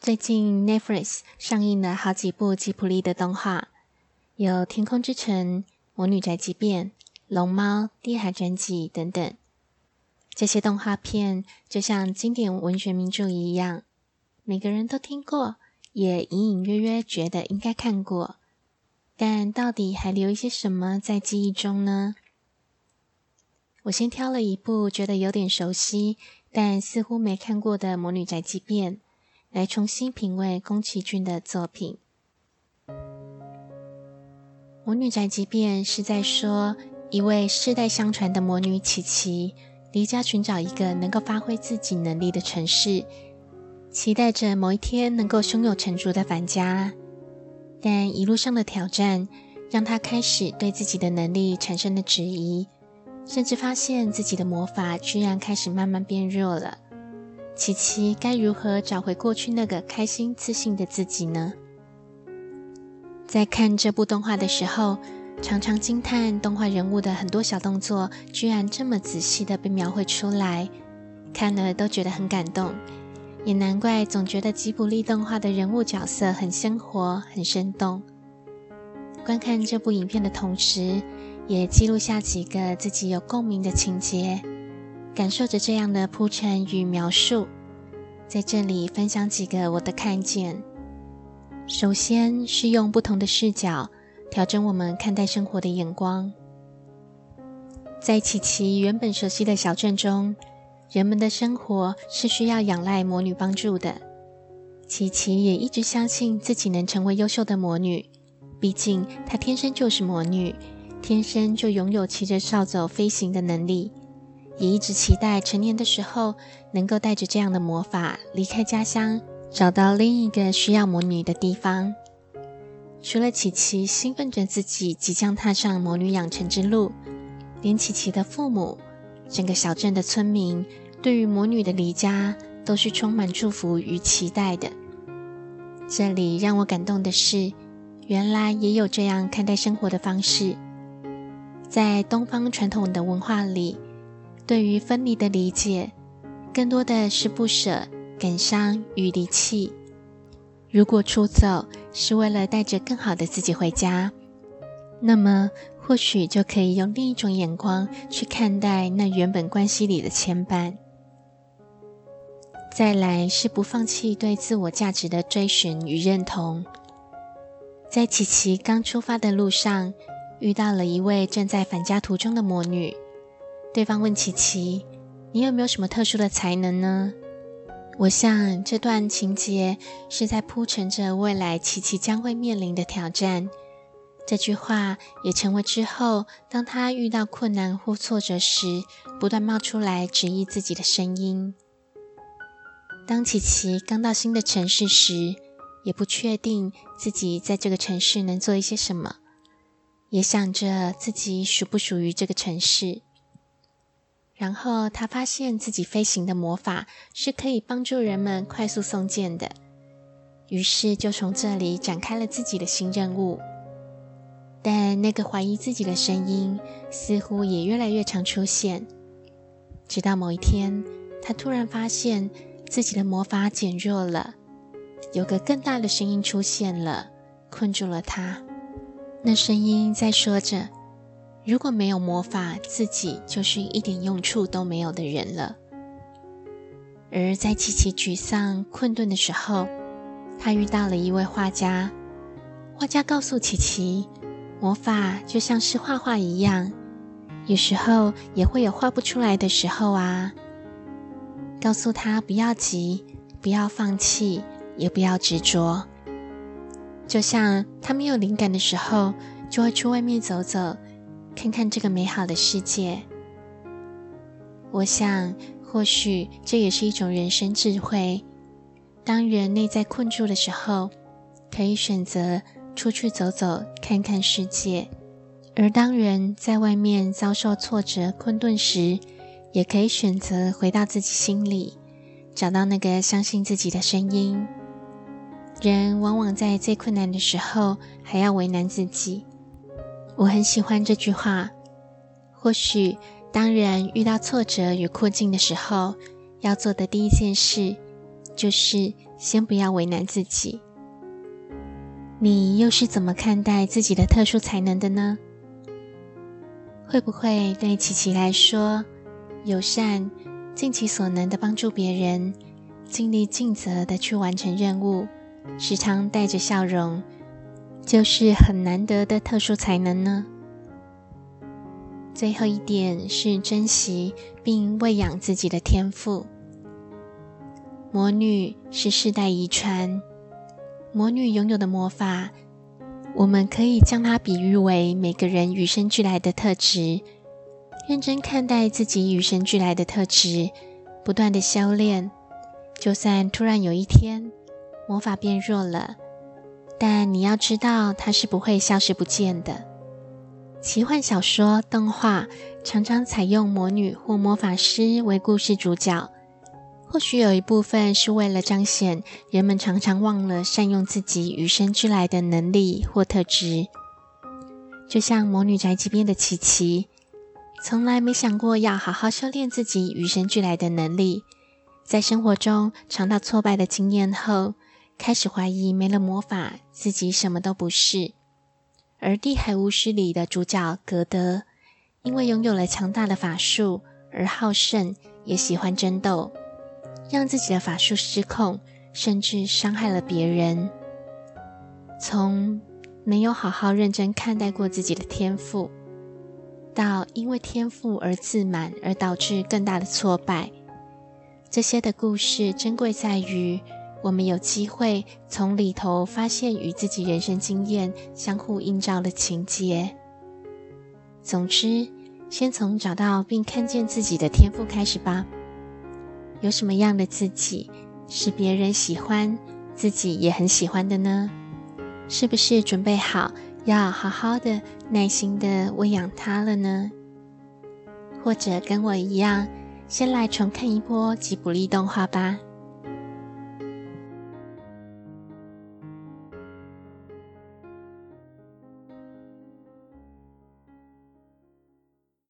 最近 Netflix 上映了好幾部吉卜力的動畫，有《天空之城》、《魔女宅急便》、《龍貓》、《地海戰記》等等。這些動畫片就像經典文學名著一樣，每個人都聽過，也隱隱約約覺得應該看過，但到底還留一些什麼在記憶中呢？我先挑了一部覺得有點熟悉，但似乎沒看過的《魔女宅急便》。來重新品味宮崎駿的作品，《魔女宅急便》是在說一位世代相傳的魔女琪琪，離家尋找一個能夠發揮自己能力的城市，期待着某一天能夠胸有成竹的返家。但一路上的挑戰，讓她開始對自己的能力產生了質疑，甚至發現自己的魔法居然開始慢慢變弱了。琪琪該如何找回過去那個開心自信的自己呢？在看這部動畫的時候，常常驚嘆動畫人物的很多小動作居然這麼仔細地被描繪出來，看了都覺得很感動，也難怪總覺得吉卜力動畫的人物角色很鮮活、很生動。觀看這部影片的同時，也記錄下幾個自己有共鳴的情節。感受着這樣的鋪陳與描述，在這裡分享幾個我的看見。首先是用不同的視角調整我們看待生活的眼光。在琪琪原本熟悉的小鎮中，人們的生活是需要仰賴魔女幫助的。琪琪也一直相信自己能成為優秀的魔女，畢竟她天生就是魔女，天生就擁有騎着掃帚飛行的能力。也一直期待成年的時候能夠帶着這樣的魔法離開家鄉，找到另一個需要魔女的地方。除了琪琪興奮着自己即將踏上魔女養成之路，連琪琪的父母、整個小鎮的村民對於魔女的離家都是充滿祝福與期待的。這裡讓我感動的是，原來也有這樣看待生活的方式，在東方傳統的文化裡。對於分離的理解，更多的是不捨、感傷與離棄。如果出走是為了帶着更好的自己回家，那麼或許就可以用另一種眼光去看待那原本關係裡的牽絆。再來是不放棄對自我價值的追尋與認同。在琪琪剛出發的路上，遇到了一位正在返家途中的魔女。對方問琪琪：“你有沒有什麼特殊的才能呢？”我想這段情節是在鋪陳着未來琪琪將會面臨的挑戰。這句話也成為之後當她遇到困難或挫折時，不斷冒出來質疑自己的聲音。當琪琪剛到新的城市時，也不確定自己在這個城市能做一些什麼，也想着自己屬不屬於這個城市。然後他發現自己飛行的魔法是可以幫助人們快速送件的，於是就從這裡展開了自己的新任務。但那個懷疑自己的聲音似乎也越來越常出現，直到某一天，他突然發現自己的魔法減弱了，有個更大的聲音出現了，困住了他。那聲音在說着，如果沒有魔法，自己就是一點用處都沒有的人了。而在琪琪沮喪困頓的時候，他遇到了一位畫家。畫家告訴琪琪，魔法就像是畫畫一樣，有時候也會有畫不出來的時候啊。告訴他不要急，不要放棄，也不要執着。就像他沒有靈感的時候，就會去外面走走。看看這個美好的世界。我想，或許這也是一種人生智慧。當人內在困住的時候，可以選擇出去走走，看看世界；而當人在外面遭受挫折、困頓時，也可以選擇回到自己心裡，找到那個相信自己的聲音。人往往在最困難的時候，還要為難自己。我很喜歡這句話。或許，當人遇到挫折與困境的時候，要做的第一件事，就是先不要為難自己。你又是怎麼看待自己的特殊才能的呢？會不會對琪琪來說，友善、盡其所能的幫助別人、盡力盡責的去完成任務、時常帶着笑容，就是很難得的特殊才能呢。最後一點是珍惜並餵養自己的天賦。魔女是世代遺傳，魔女擁有的魔法，我們可以將它比喻為每個人與生俱來的特質。認真看待自己與生俱來的特質，不斷的修煉，就算突然有一天魔法變弱了。但你要知道，它是不會消失不見的。奇幻小說、動畫常常採用魔女或魔法師為故事主角，或許有一部分是為了彰顯人們常常忘了善用自己與生俱來的能力或特質。就像《魔女宅急便》的琪琪，從來沒想過要好好修煉自己與生俱來的能力，在生活中嘗到挫敗的經驗後，開始懷疑沒了魔法，自己什麼都不是。而《地海巫師》裡的主角格德，因為擁有了強大的法術而好勝，也喜歡爭鬥，讓自己的法術失控，甚至傷害了別人。從沒有好好認真看待過自己的天賦，到因為天賦而自滿，而導致更大的挫敗。這些的故事珍貴在於，我們有機會從裡頭發現與自己人生經驗相互映照的情節。總之，先從找到並看見自己的天賦開始吧。有什麼樣的自己是別人喜歡、自己也很喜歡的呢？是不是準備好要好好的、耐心的餵養它了呢？或者跟我一樣，先來重看一波吉卜力動畫吧。